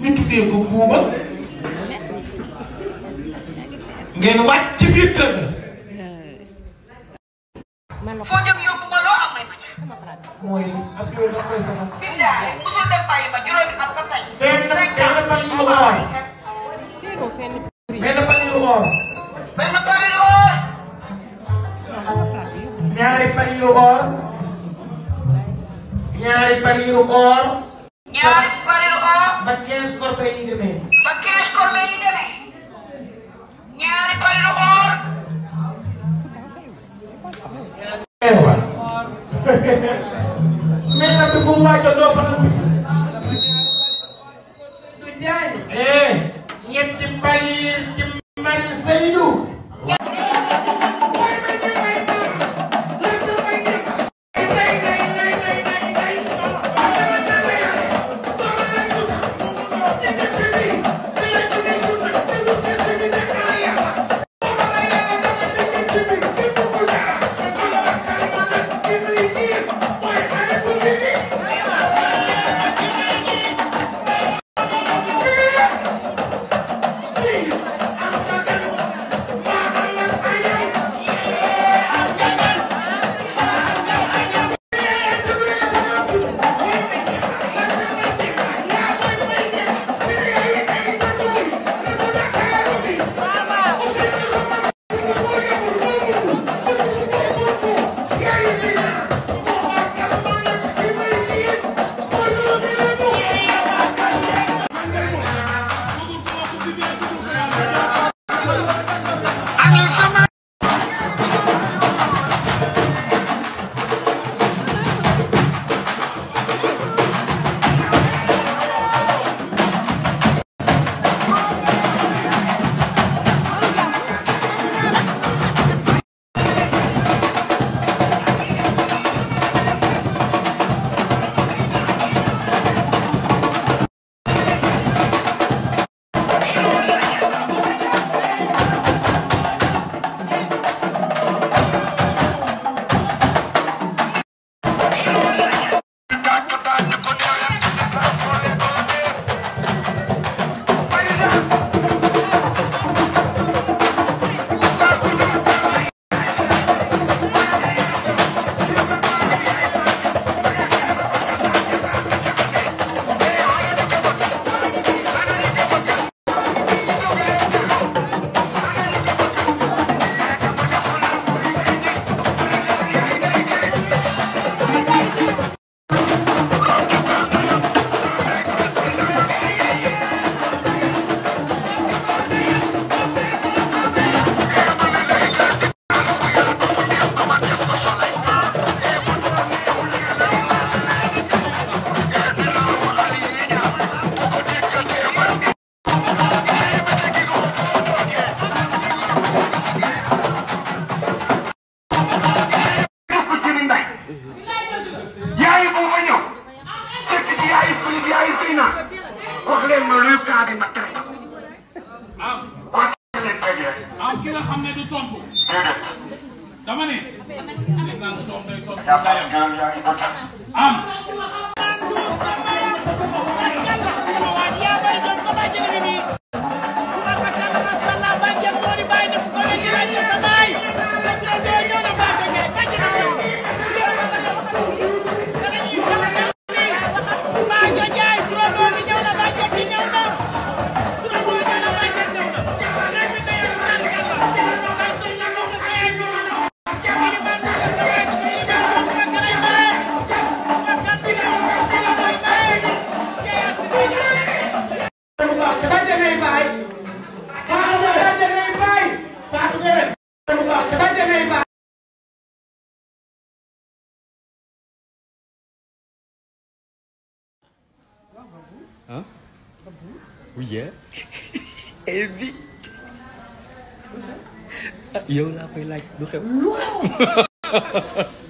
ñu tuddee ko buuba ngeen wàcc ci biir kër ga. foo jëm yóbbu ma loo am may ma ci. mooy ak yooyu da koy sama. fi mu ne musul dem bàyyi ma juróomi at ba tey. benn benn fan yu woor. benn fan yu woor. benn fan yu woor. ñaari fan yu woor. ñaari fan yu woor. ñaari. ba kees korbe yi demee. ba kees korbe yi demee. ñaari pari lu xool. naa di ma tere ma ko. waaw leen teg rek. waaw ki nga xam ne du tontu. déedéet. dama ne. am. Hein Oui, hein eh, ah, yow laa koy laaj lu